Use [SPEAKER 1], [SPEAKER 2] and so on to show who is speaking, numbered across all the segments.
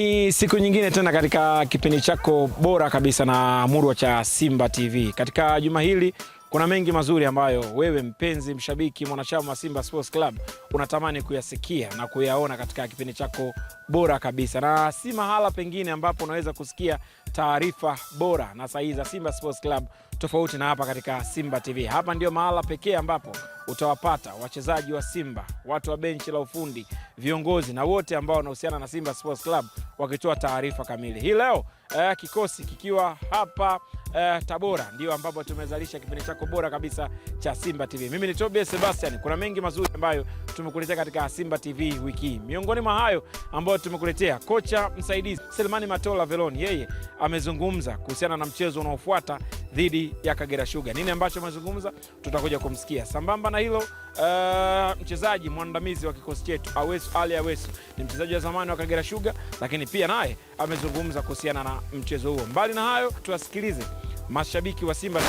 [SPEAKER 1] Ni siku nyingine tena katika kipindi chako bora kabisa na murwa cha Simba TV. Katika juma hili kuna mengi mazuri ambayo wewe mpenzi mshabiki, mwanachama wa Simba Sports Club unatamani kuyasikia na kuyaona katika kipindi chako bora kabisa, na si mahala pengine ambapo unaweza kusikia taarifa bora na sahihi za Simba Sports Club, tofauti na hapa katika Simba TV. Hapa ndio mahala pekee ambapo utawapata wachezaji wa Simba, watu wa benchi la ufundi, viongozi na wote ambao wanahusiana na Simba Sports Club wakitoa taarifa kamili. Hii leo eh, kikosi kikiwa hapa eh, Tabora, ndio ambapo tumezalisha kipindi chako bora kabisa cha Simba TV. Mimi ni Tobias Sebastian. Kuna mengi mazuri ambayo tumekuletea katika Simba TV wiki hii, miongoni mwa hayo ambayo tumekuletea, kocha msaidizi Selemani Matola Veloni, yeye amezungumza kuhusiana na mchezo unaofuata dhidi ya Kagera Sugar. Nini ambacho amezungumza tutakuja kumsikia. Sambamba na hilo, uh, mchezaji mwandamizi wa kikosi chetu Awesu Ali Awesu ni mchezaji wa zamani wa Kagera Sugar, lakini pia naye amezungumza kuhusiana na mchezo huo. Mbali na hayo, tuwasikilize mashabiki wa Simba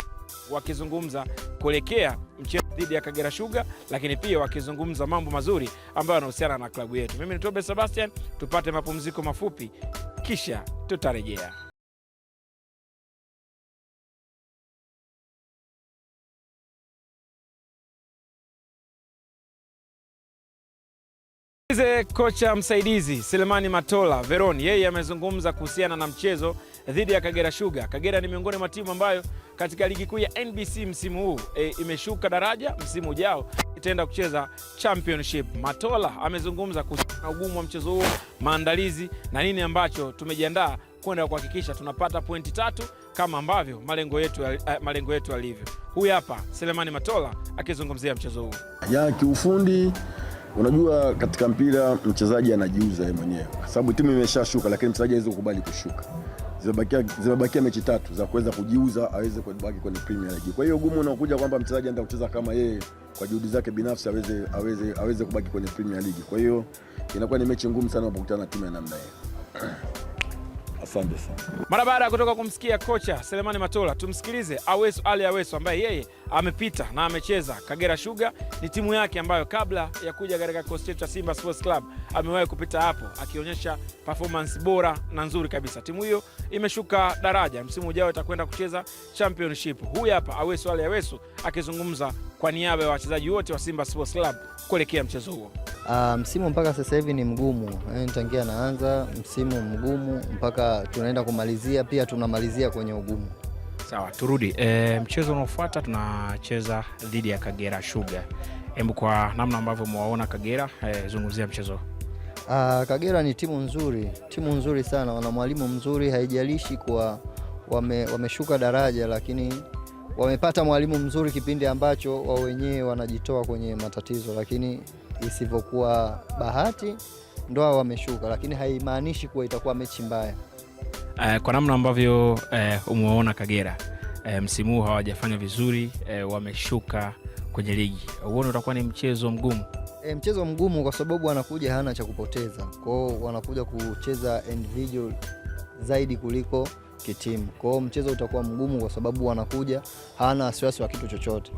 [SPEAKER 1] wakizungumza kuelekea mchezo dhidi ya Kagera Sugar, lakini pia wakizungumza mambo mazuri ambayo yanahusiana na klabu yetu. Mimi ni Tobe Sebastian, tupate mapumziko mafupi kisha tutarejea. Msikilize kocha msaidizi Selemani Matola Veron, yeye amezungumza kuhusiana na mchezo dhidi ya Kagera Sugar. Kagera ni miongoni mwa timu ambayo katika ligi kuu ya NBC msimu huu e, imeshuka daraja, msimu ujao itaenda kucheza championship. Matola amezungumza kuhusiana na ugumu wa mchezo huo, maandalizi na nini ambacho tumejiandaa kwenda kuhakikisha tunapata pointi tatu kama ambavyo malengo yetu, eh, malengo yetu yalivyo. Huyu hapa Selemani Matola akizungumzia mchezo huu
[SPEAKER 2] ya kiufundi Unajua, katika mpira mchezaji anajiuza yeye mwenyewe, kwa sababu timu imeshashuka, lakini mchezaji hawezi kukubali kushuka. Zimebakia, zimebakia mechi tatu za kuweza kujiuza aweze kubaki kwenye Premier League. Kwa hiyo ugumu unakuja kwamba mchezaji anataka kucheza kama yeye kwa juhudi zake binafsi aweze, aweze, aweze kubaki kwenye Premier League. Kwa hiyo inakuwa ni mechi ngumu sana unapokutana na timu ya namna hiyo. Asante sana.
[SPEAKER 1] Mara baada ya kutoka kumsikia kocha Selemani Matola, tumsikilize Aweso Ali Aweso ambaye yeye amepita na amecheza Kagera Sugar. Ni timu yake ambayo kabla ya kuja katika kikosi chetu cha Simba Sports Club amewahi kupita hapo akionyesha performance bora na nzuri kabisa. Timu hiyo imeshuka daraja, msimu ujao itakwenda kucheza championship. Huyu hapa Aweso Ali Aweso akizungumza kwa niaba ya wachezaji wote wa Simba Sports Club kuelekea mchezo huo?
[SPEAKER 3] Uh, msimu mpaka sasa hivi ni mgumu e, tangia naanza msimu mgumu mpaka tunaenda kumalizia, pia tunamalizia kwenye ugumu.
[SPEAKER 1] Sawa, turudi e, mchezo unaofuata tunacheza dhidi ya Kagera Sugar. Hebu kwa namna ambavyo mwaona Kagera e, zungumzia mchezo
[SPEAKER 3] Uh, Kagera ni timu nzuri, timu nzuri sana, wana mwalimu mzuri, haijalishi kuwa wame, wameshuka daraja, lakini wamepata mwalimu mzuri kipindi ambacho wao wenyewe wanajitoa kwenye matatizo, lakini isivyokuwa bahati ndo hao wameshuka, lakini haimaanishi kuwa itakuwa mechi mbaya.
[SPEAKER 1] Uh, kwa namna ambavyo uh, eh, umewaona Kagera uh, msimu huu hawajafanya vizuri uh, wameshuka kwenye ligi, uone utakuwa ni mchezo mgumu.
[SPEAKER 3] E, mchezo mgumu kwa sababu wanakuja hana cha kupoteza kwao, wanakuja kucheza individual zaidi kuliko kitimu. Kwa hiyo mchezo utakuwa mgumu kwa sababu wanakuja hawana wasiwasi wa kitu chochote.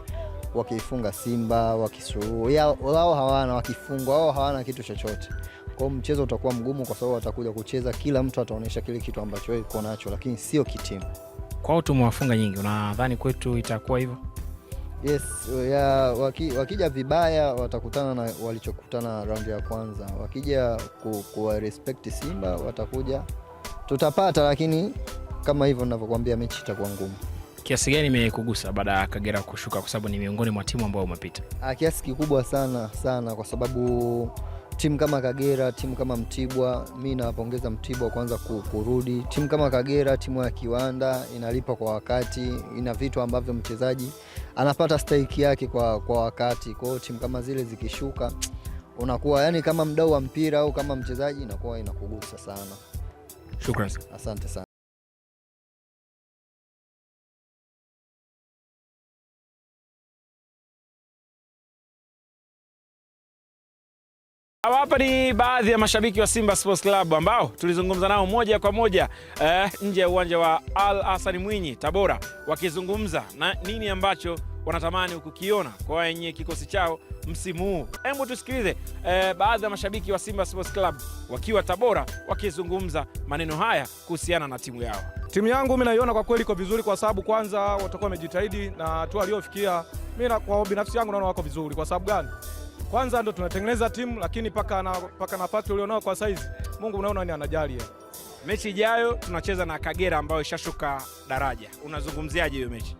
[SPEAKER 3] wakifunga Simba, wakisuhu, wao hawana, wakifungwa wao hawana kitu chochote. Kwa hiyo mchezo utakuwa mgumu kwa sababu watakuja kucheza, kila mtu ataonyesha kile kitu ambacho yuko nacho, lakini sio kitimu.
[SPEAKER 1] Kwao tumewafunga nyingi, unadhani kwetu itakuwa hivyo?
[SPEAKER 3] Yes, ya, waki, wakija vibaya watakutana na walichokutana raundi ya kwanza. Wakija ku, kuwa respect Simba watakuja tutapata, lakini kama hivyo ninavyokuambia, mechi itakuwa ngumu.
[SPEAKER 1] Kiasi gani imekugusa baada ya Kagera kushuka, kwa sababu ni miongoni mwa timu ambayo umepita?
[SPEAKER 3] Ah, kiasi kikubwa sana sana, kwa sababu timu kama Kagera, timu kama Mtibwa, mi nawapongeza Mtibwa kwanza kurudi. Timu kama Kagera, timu ya kiwanda, inalipa kwa wakati, ina vitu ambavyo mchezaji anapata stahiki yake kwa, kwa wakati. Kwa hiyo timu kama zile zikishuka, unakuwa yani kama mdau wa mpira au kama mchezaji, inakuwa inakugusa sana. Shukran, asante sana.
[SPEAKER 1] hawa Hapa ni baadhi ya mashabiki wa Simba Sports Club ambao tulizungumza nao moja kwa moja eh, nje ya uwanja wa Al Hassan Mwinyi Tabora, wakizungumza na nini ambacho wanatamani kukiona kwa wenye kikosi chao msimu huu. Hebu tusikilize eh, baadhi ya mashabiki wa Simba Sports Club wakiwa Tabora wakizungumza maneno haya kuhusiana na timu yao.
[SPEAKER 4] Timu yangu mimi naiona kwa kweli iko vizuri, kwa sababu kwanza watakuwa wamejitahidi na hatua waliofikia. mimi kwa binafsi yangu naona wako vizuri. Kwa sababu gani? kwanza ndo tunatengeneza timu, lakini paka na, paka nafasi ulionao kwa saizi, Mungu unaona ni anajali.
[SPEAKER 1] Mechi ijayo tunacheza na Kagera ambayo ishashuka daraja, unazungumziaje hiyo mechi?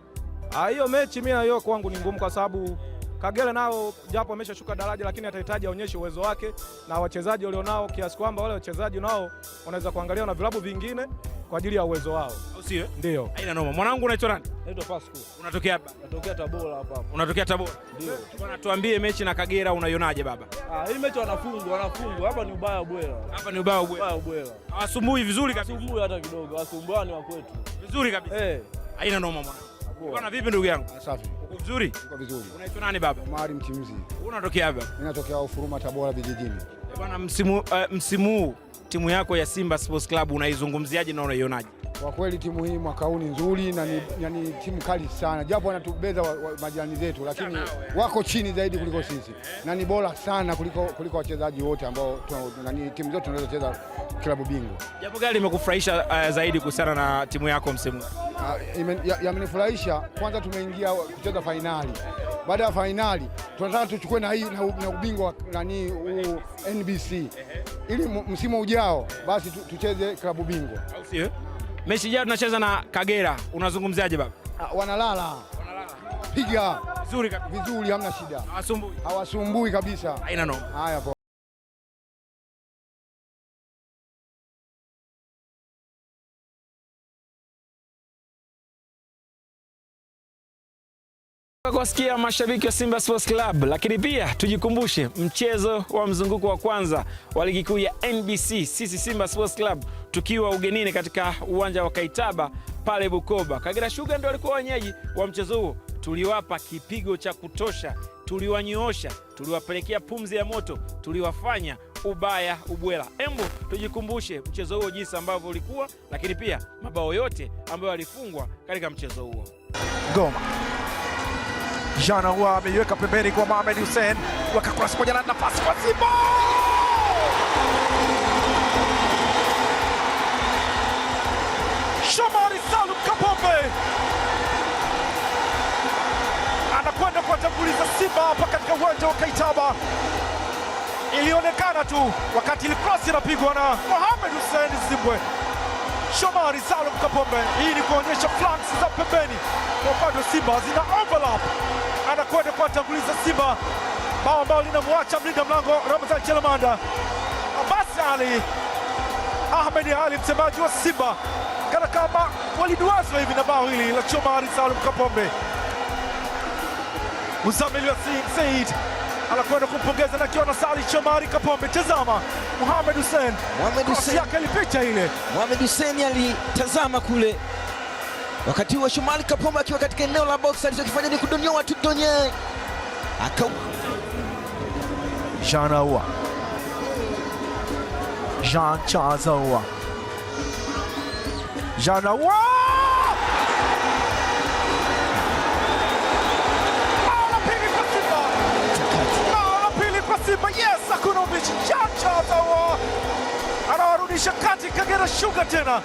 [SPEAKER 4] Ah, hiyo mechi mimi hiyo kwangu ni ngumu, kwa sababu Kagera nao japo ameshashuka daraja, lakini atahitaji aonyeshe uwezo wake na wachezaji walionao, kiasi kwamba wale wachezaji nao wanaweza kuangalia na vilabu vingine kwa ajili ya uwezo wao, au sio? Ndio,
[SPEAKER 1] haina noma. Mwanangu, unaitwa nani? Naitwa Pascal. Unatokea hapa?
[SPEAKER 5] Natokea Tabora hapa hapa. Unatokea Tabora? Ndio.
[SPEAKER 1] Bwana, tuambie mechi na Kagera unaionaje baba?
[SPEAKER 5] Ah, hii mechi wanafungwa, wanafungwa. Hapa ni ubaya bwela.
[SPEAKER 1] Hapa ni ubaya bwela. Ubaya bwela. Hawasumbui vizuri kabisa.
[SPEAKER 5] Hawasumbui hata kidogo. Wasumbuani wa kwetu. Vizuri kabisa. Eh. Hey.
[SPEAKER 1] Haina noma mwanangu. Bwana, vipi ndugu yangu? Ah, safi. Uko vizuri? Uko vizuri. Unaitwa nani baba?
[SPEAKER 5] Omari Mchimzi. Unatokea hapa? Ninatokea Ufuruma Tabora vijijini. Eh,
[SPEAKER 1] bwana, msimu uh, msimu huu timu yako ya Simba Sports Club unaizungumziaje na unaionaje?
[SPEAKER 5] Kwa kweli timu hii mwaka huu ni nzuri na ni, na timu kali sana, japo wanatubeza wa, wa, majirani zetu, lakini yaani. wako chini zaidi kuliko eh, eh, sisi eh. na ni bora sana kuliko, kuliko wachezaji wote ambao timu zote tunazocheza klabu bingwa.
[SPEAKER 1] Jambo gani limekufurahisha uh, zaidi kuhusiana na timu yako msimu
[SPEAKER 5] Uh, yamenifurahisha ya kwanza, tumeingia kucheza fainali baada ya fainali tunataka tuchukue na hii na ubingwa nani NBC ili msimu ujao basi tucheze klabu bingwa.
[SPEAKER 1] Mechi ijayo tunacheza na Kagera, unazungumziaje baba?
[SPEAKER 5] Ah, wanalala, piga vizuri, hamna shida, hawasumbui kabisa. Haina noma. Haya.
[SPEAKER 1] Kuwasikia mashabiki wa Simba Sports Club, lakini pia tujikumbushe mchezo wa mzunguko wa kwanza wa ligi kuu ya NBC, sisi Simba Sports Club tukiwa ugenini katika uwanja wa Kaitaba pale Bukoba. Kagera Sugar ndio walikuwa wenyeji wa mchezo huo, tuliwapa kipigo cha kutosha, tuliwanyoosha, tuliwapelekea pumzi ya moto, tuliwafanya ubaya ubwela. Embu tujikumbushe mchezo huo jinsi ambavyo ulikuwa, lakini pia mabao yote ambayo yalifungwa katika mchezo huo.
[SPEAKER 6] Goma Jana huwa ameiweka pembeni kwa Mohamed Hussein, wakakurasa moja na nafasi kwa Simba. Shomari Salum Kapombe anakwenda kuwatanguliza Simba hapa katika uwanja wa Kaitaba. Ilionekana tu wakati ile cross inapigwa na Mohamed Hussein Zimbwe. Shomari Salum Kapombe, hii ni kuonyesha flanks za pembeni kwa upande wa Simba zina overlap anakwenda kuwatanguliza Simba bao ambao linamwacha mlinda mlango Ramadhan Chelamanda. Abasi Ali Ahmed Ali, msemaji wa Simba, kana kama waliduazwa hivi na bao hili la Ali Salum Kapombe. uzamili wa Said anakwenda kumpongeza na akiwa na sali shomari Kapombe. Tazama Muhammad Hussein, Muhammad Hussein yake alipicha ile,
[SPEAKER 7] Muhammad Hussein alitazama kule Wakati huo Shomari Kapombe akiwa katika eneo la box, alichokifanya ni kudonyoa tu donye aka
[SPEAKER 6] Jean Ahoua Jean Charles Ahoua Jean Ahoua yes, Jean Charles Ahoua anawarudisha kati Kagera Sugar tena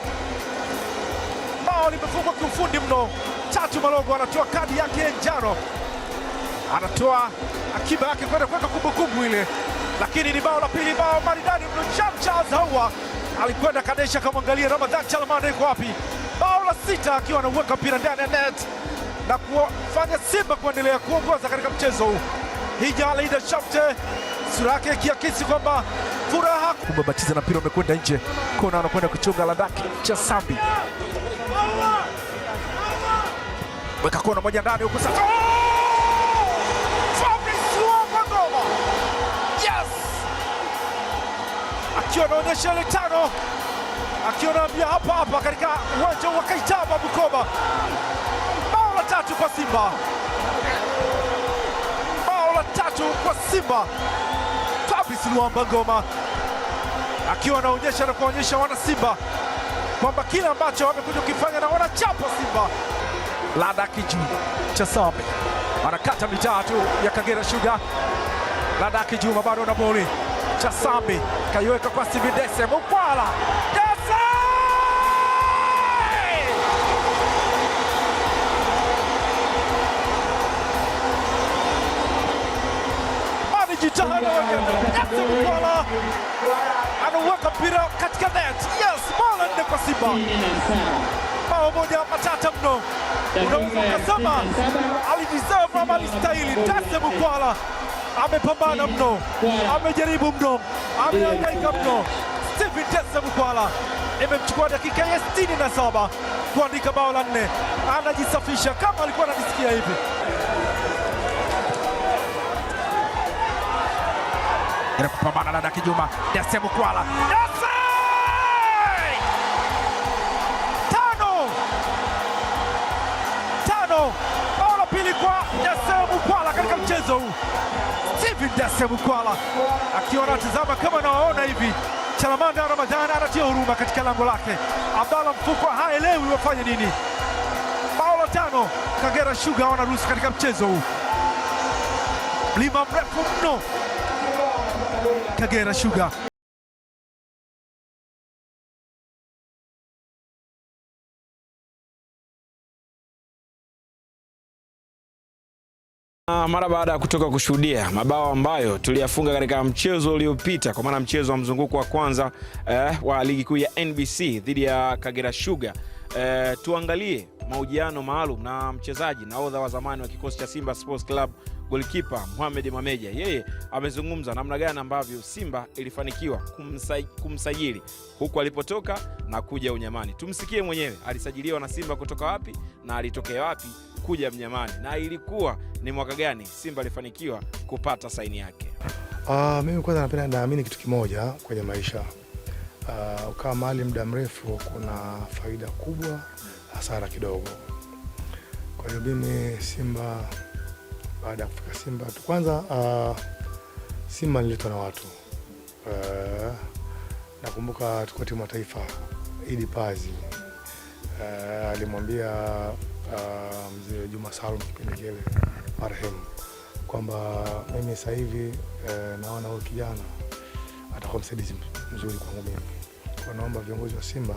[SPEAKER 6] bao limefungwa kiufundi mno. Tatu Malogo anatoa kadi yake ya njano, anatoa akiba yake kwenda kuweka kumbukumbu ile, lakini ni bao la pili, bao maridadi mno. Charles Ahoua alikwenda kadesha, akamwangalia Ramadhan Chalamanda iko wapi. Bao la sita akiwa anauweka mpira ndani ya net na kufanya Simba kuendelea kuongoza katika mchezo huu. Hija Alida Shafte sura yake ikiakisi kwamba furaha kubabatiza na mpira umekwenda nje, kona anakwenda kuchunga Ladaki cha Sambi weka kona moja ndani huku sasa oh! Akiwa anaonyesha ile tano, akiwa anaambia hapa hapa katika uwanja wa Kaitaba Bukoba. Bao la tatu kwa Simba, bao la tatu kwa Simba. Fabrice Luamba Ngoma akiwa anaonyesha na kuonyesha wana Simba kwamba kile ambacho wamekuja kukifanya na wanachapa Simba Lada Kiju cha Sambi anakata mitatu ya Kagera Sugar. Lada kiju mabado na boli, cha Sambi kaiweka kwa Sividese Mukwala Mkwala anaweka mpira katika net. Yes, ball kwa Simba bao moja wa patata mno, unaweza ukasema alideserve ama alistahili. Tase Mukwala amepambana mno, amejaribu mno, amehangaika mno. Stephen Tese Mukwala imemchukua dakika ya sitini na saba kuandika bao la nne. Anajisafisha kama alikuwa anajisikia hivi. Kupambana na Daki Juma, Tese Mukwala mchezo huu. Steven Dese Mukwala akiwa anatazama kama nawaona hivi. Chalamanda Ramadhani anatia huruma katika lango lake. Abdalla Mfuko haelewi wafanye nini. Bao tano Kagera Sugar wanaruhusu katika mchezo huu. Mlima mrefu mno Kagera Sugar.
[SPEAKER 1] Ah, mara baada ya kutoka kushuhudia mabao ambayo tuliyafunga katika mchezo uliopita, kwa maana mchezo wa mzunguko wa kwanza eh, wa ligi kuu ya NBC dhidi ya Kagera Sugar eh, tuangalie mahojiano maalum na mchezaji odha wa zamani wa kikosi cha Simba Sports Club golikipa Mohamed mameja yeye amezungumza namna gani ambavyo Simba ilifanikiwa kumsajili huku alipotoka na kuja Unyamani. Tumsikie mwenyewe alisajiliwa na Simba kutoka wapi na alitokea wapi kuja Mnyamani na ilikuwa ni mwaka gani Simba alifanikiwa kupata saini yake.
[SPEAKER 8] Uh, mimi kwanza napenda naamini kitu kimoja kwenye maisha uh, ukawa mali muda mrefu kuna faida kubwa, hasara kidogo. Kwa hiyo mimi Simba baada ya kufika Simba tu kwanza, uh, Simba nilitwa na watu uh, nakumbuka tukua timu ya taifa Idi Pazi uh, alimwambia uh, mzee Juma Salum kipindi kile marehemu kwamba mimi sasa hivi uh, naona huyu kijana atakuwa msaidizi mzuri kwangu mimi, kwa naomba viongozi wa Simba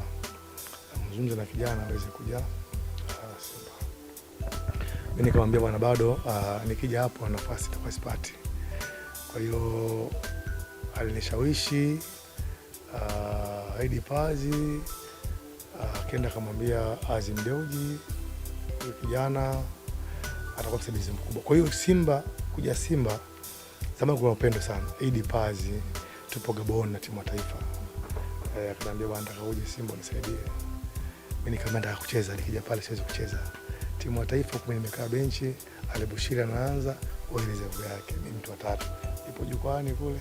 [SPEAKER 8] mzungumze na kijana aweze kuja mi nikamwambia bwana, bado uh, nikija hapo nafasi itakuwa sipati. Kwa hiyo alinishawishi uh, Pazi ah, akaenda uh, akamwambia Azim Deuji kijana atakuwa msaidizi mkubwa. Kwa hiyo Simba kuja Simba zamani kuna upendo sana. Idi Pazi tupo Gabon na timu ya taifa eh, e, bwana, nataka uje Simba nisaidie. Mi nikaambia nataka kucheza, nikija pale siwezi kucheza timu ya taifa huku nimekaa benchi, Alibushiri anaanza reserve yake, mimi mtu watatu ipo jukwani kule,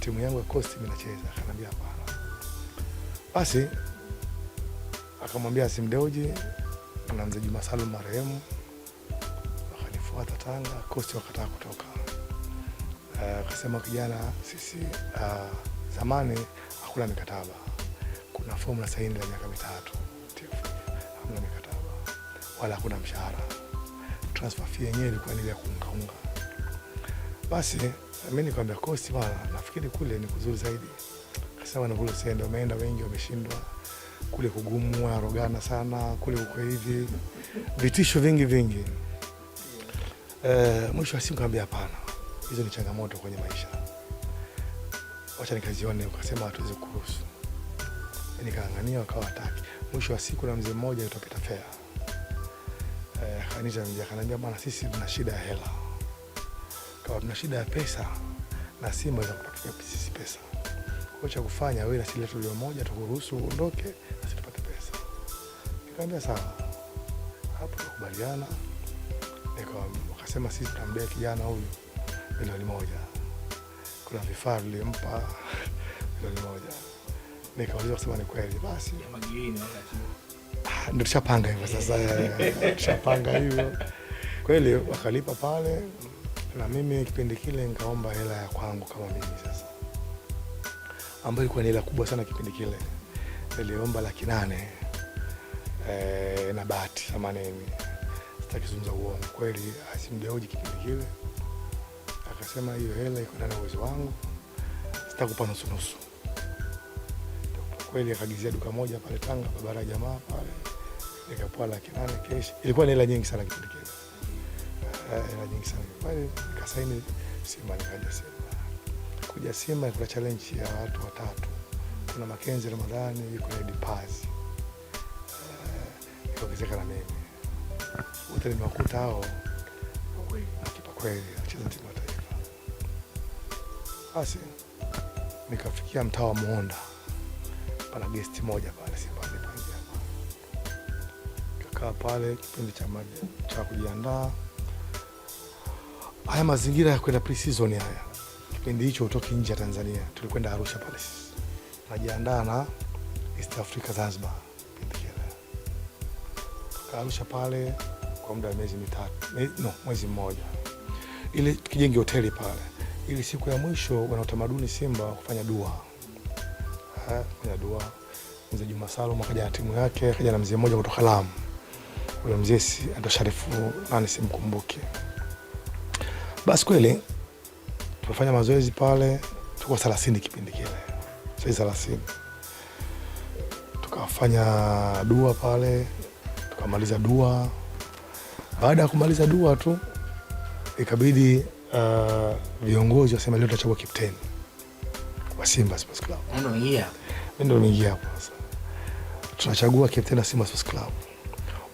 [SPEAKER 8] timu yangu ya Coast inacheza. nacheza. Akanambia hapana, basi akamwambia Simdeoji na mzee Juma Salum marehemu, wakanifuata Tanga. Coast wakataka kutoka, eh, akasema uh, kijana sisi uh, zamani hakuna mikataba, kuna fomu na saini la miaka mitatu, hamna mikataba wala hakuna mshahara. Transfer fee yenyewe ilikuwa ni ya kuungaunga. Basi mimi nikamwambia kosi bwana, nafikiri kule ni kuzuri zaidi, kasema na kule sendo wameenda wengi, wameshindwa kule, kugumu, arogana sana kule, uko hivi, vitisho vingi vingi. Eh, mwisho wa siku kaambia hapana, hizo ni changamoto kwenye maisha, wacha nikazione. Ukasema hatuwezi kuruhusu, nikaangania wakawa hataki. Mwisho wa siku na mzee mmoja utapita fea eh, Khadija mjaka bwana, sisi tuna shida ya hela, kama tuna shida ya pesa na Simba za kupatia sisi pesa, kwa cha kufanya wewe na sisi leo moja tukuruhusu uondoke na sisi tupate pesa. Nikamwambia sawa, hapo tukubaliana. Wakasema sisi tutamdai kijana huyu milioni moja, kuna vifaa vilimpa milioni moja. Nikauliza kusema ni kweli, basi
[SPEAKER 9] eh, ndio tushapanga hivyo sasa, tushapanga hivyo kweli. Wakalipa pale, na mimi kipindi kile nikaomba hela ya kwangu kama mimi sasa, ambayo ilikuwa ni hela kubwa sana kipindi kile, niliomba laki nane e, na bahati themanini, sitaki kuzungumza uongo kweli, asimjauji kipindi kile akasema hiyo hela iko ndani ya uwezo wangu, sitakupa nusunusu kweli, akagizia duka moja pale Tanga, barabara ya jamaa pale, nikapoa laki nane keshi. Ilikuwa ni hela nyingi sana kipindi kile, eh, eh, hela nyingi sana kweli. Nikasaini Simba, nikaja Simba. Kuja Simba kuna challenge ya watu watatu, kuna Makenzi Ramadhani, kuna Edi Pazi, eh, ikaongezeka na mimi, wote nimewakuta hao kweli anacheza timu ya taifa. Basi nikafikia mtaa wa Muhonda pana gesti moja pale Simba pale. Tukaa pale kipindi cha maji cha kujiandaa. Haya mazingira ya kwenda pre-season haya. Kipindi hicho utoki nje ya Tanzania. Tulikwenda Arusha pale. Najiandaa na East Africa Zanzibar. Arusha pale kwa muda wa miezi mitatu. No, mwezi mmoja. Ile kijenge hoteli pale. Ili siku ya mwisho wana utamaduni Simba kufanya dua haya eh, ya dua. Mzee Juma Salum akaja na timu yake, akaja na mzee mmoja kutoka Lamu. Yule mzee anaitwa Sharifu nani simkumbuke. Basi kweli tumefanya mazoezi pale, tuko 30 kipindi kile. Sasa 30. Tukafanya dua pale, tukamaliza dua. Baada ya kumaliza dua tu ikabidi uh, viongozi waseme leo tutachagua kapteni wa Simba Sports Club. Ndio niingia hapo. Ndio niingia hapo sasa. Tunachagua captain wa Simba Sports Club.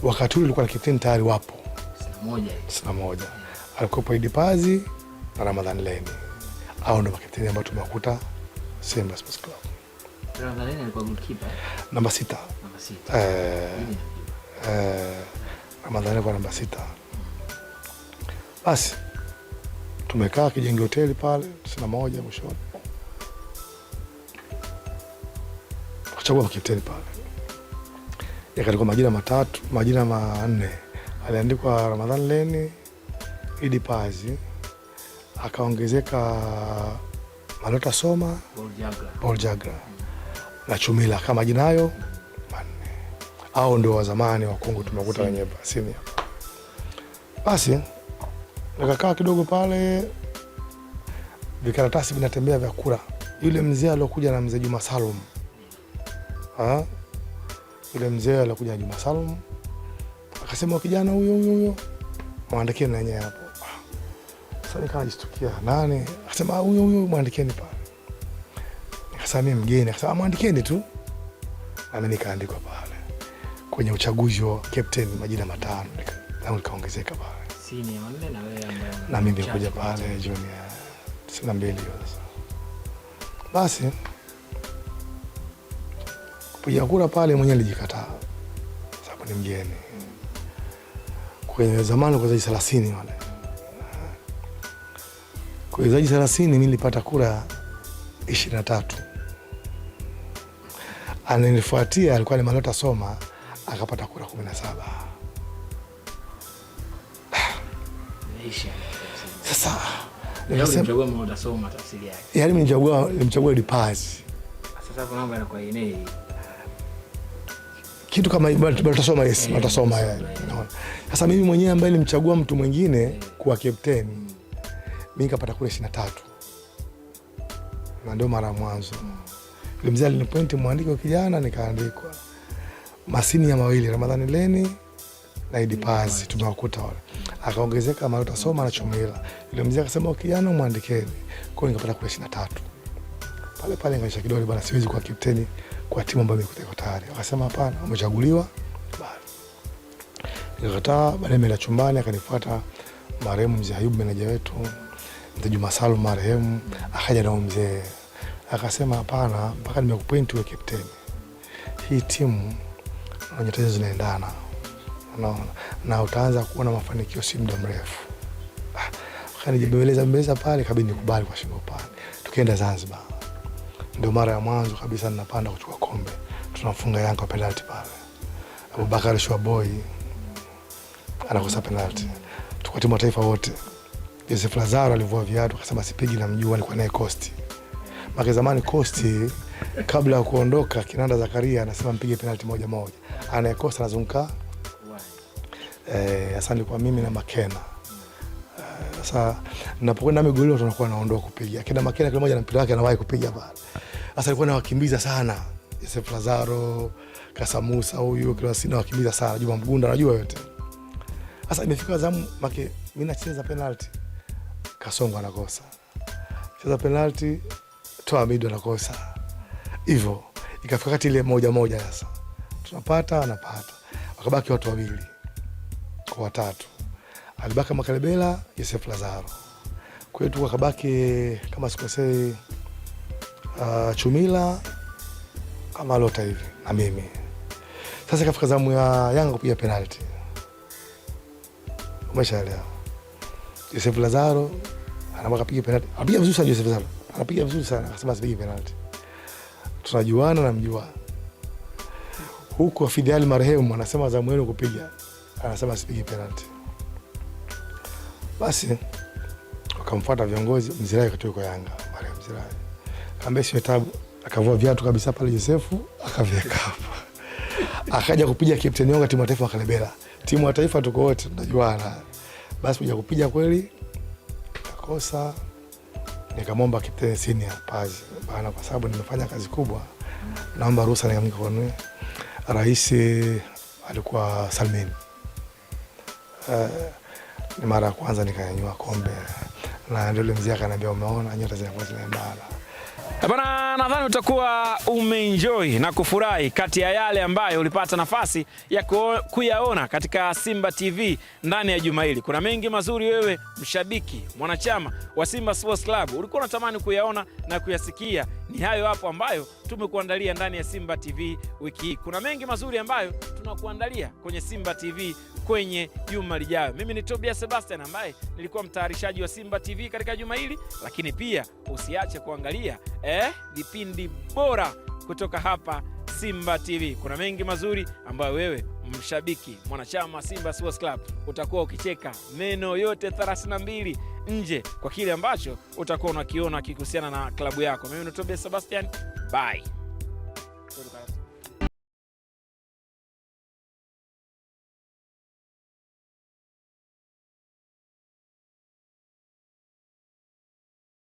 [SPEAKER 9] Wakati ule ilikuwa na captain tayari wapo. Sina moja. Sina moja. Alikuwa Idi Pazi na Ramadhan Leni. Hao ndio captain ambao tumewakuta Simba Sports Club. Ramadhan Leni alikuwa goalkeeper. Eh? Namba sita. Namba sita. Eh. Eh. Ramadhan alikuwa namba sita. Basi tumekaa kijengi hoteli pale, sina moja mwishoni akachagua makapteni pale, yakaandikwa majina matatu, majina manne, aliandikwa Ramadhan Leni, Idi Pazi, akaongezeka Malota Soma, Paul Jagra na Chumila, kama majina hayo manne. Au ndio wa zamani wa Kongo tumekuta wenye basini. Basi nikakaa kidogo pale, vikaratasi vinatembea vya kura. Yule mzee aliokuja na mzee Juma Salum ule Yule mzee alikuja Juma Salum akasema kijana huyo huyo huyo mwandikie na yeye hapo. Sasa jistukia nani? Akasema ah, huyo huyo mwandikieni pale. Nikasema mimi mgeni, akasema ah, mwandikieni tu. Nami nikaandikwa pale kwenye uchaguzi wa captain majina matano na nikaongezeka pale. na wewe ambaye na mimi nilikuja pale junior 92 sasa. Basi Kupiga kura pale mwenye alijikataa sababu ni mgeni kwenye zamani, kwa zaidi thelathini wale kwa zaidi thelathini mimi nilipata kura ishirini na tatu. Ananifuatia alikuwa ni Malota Soma akapata kura kumi na saba. Sasa yaani mnichagua, nimchagua Lipazi kitu kama batasoma yes, batasoma yeye. Sasa mimi mwenyewe ambaye nilimchagua mtu mwingine kuwa captain, mimi nikapata kule 23 na ndio mara mwanzo nilimzia ile point alinipointi mwandiko kijana, nikaandikwa masini ya mawili Ramadhani Leni na Idi Pazi, tumewakuta wale, akaongezeka mara utasoma na Chumila. Ile mzee akasema oh, kijana mwandikeni, kwa hiyo nikapata kule 23 pale pale, ngaisha kidole bwana siwezi kuwa captain kwa timu ambayo ilikuwa tayari. Akasema hapana, umechaguliwa. Nikakataa. Baadaye nimeenda chumbani, akanifuata marehemu mzee Ayub, meneja wetu, mzee Juma Salum marehemu, akaja na mzee akasema hapana, mpaka nimekupoint uwe kapteni Hii timu nyota zinaendana, unaona, na utaanza kuona mafanikio si muda mrefu. Ah, Akanijibembeleza mbeleza pale, kabidi nikubali kwa shingo pale. Tukaenda Zanzibar ndio mara ya mwanzo kabisa ninapanda kuchukua kombe, tunafunga Yanga kwa penalti pale. Abubakari Shwaboi anakosa penalti, tuko timu taifa wote. Josef Lazaro alivua viatu akasema sipigi, namjua, alikuwa naye Kosti make zamani. Kosti kabla ya kuondoka, Kinanda Zakaria anasema mpige penalti moja moja, anayekosa anazunguka eh, asante kwa mimi na Makena eh, sasa napokwenda migulio tunakuwa naondoa kupiga kina Makena kile moja na mpira wake anawahi kupiga pale hasa alikuwa nawakimbiza sana Joseph Lazaro, Kasamusa huyu Klasina wakimbiza sana, Juma Mgunda, najua yote. Sasa imefika zamu make mimi nacheza penalty. Kasongo anakosa. Cheza penalty, toa mido anakosa. Hivyo ikafika kati ile moja moja sasa. Tunapata anapata. Wakabaki watu wawili kwa watatu. Alibaka Makalebela, Joseph Lazaro. kwetu, wakabaki kama sikosei uh, Chumila kama Lota hivi na mimi. Sasa kafika zamu ya Yanga kupiga penalti, umeshaelewa. Joseph Lazaro anataka kupiga penalti, anapiga vizuri sana. Joseph Lazaro anapiga vizuri sana, akasema asipige penalti. Tunajuana, namjua huku Hafidh Ali marehemu anasema zamu yenu kupiga, anasema asipige penalti. Basi wakamfuata viongozi, Mzirai katoka Yanga, marehemu Mzirai ambaye sio tabu, akavua viatu kabisa pale Josefu akaviweka hapa, akaja kupiga captain wangu timu ya taifa Kalebela, timu ya taifa tuko wote tunajuana. Basi kuja kupiga kweli kakosa, nikamwomba captain senior Pazi bana, kwa sababu nimefanya kazi kubwa, naomba ruhusa nikamnika kwa rais. Eh, alikuwa Salmin. Uh, ni mara ya kwanza nikanyanyua kombe na ndio mzee akaniambia, umeona nyota zinakuwa zinaendana
[SPEAKER 1] Bana, nadhani utakuwa umeenjoy na kufurahi kati ya yale ambayo ulipata nafasi ya kuyaona katika Simba TV ndani ya juma hili. Kuna mengi mazuri, wewe mshabiki, mwanachama wa Simba Sports Club, ulikuwa unatamani kuyaona na kuyasikia. Ni hayo hapo ambayo tumekuandalia ndani ya Simba TV wiki hii. Kuna mengi mazuri ambayo tunakuandalia kwenye Simba TV kwenye juma lijayo. Mimi ni Tobias Sebastian ambaye nilikuwa mtayarishaji wa Simba TV katika juma hili, lakini pia usiache kuangalia eh, vipindi bora kutoka hapa Simba TV. Kuna mengi mazuri ambayo wewe mshabiki mwanachama Simba Sports Club utakuwa ukicheka meno yote 32 nje kwa kile ambacho utakuwa unakiona kikuhusiana na klabu yako. Mimi ni Tobias Sebastian, bye.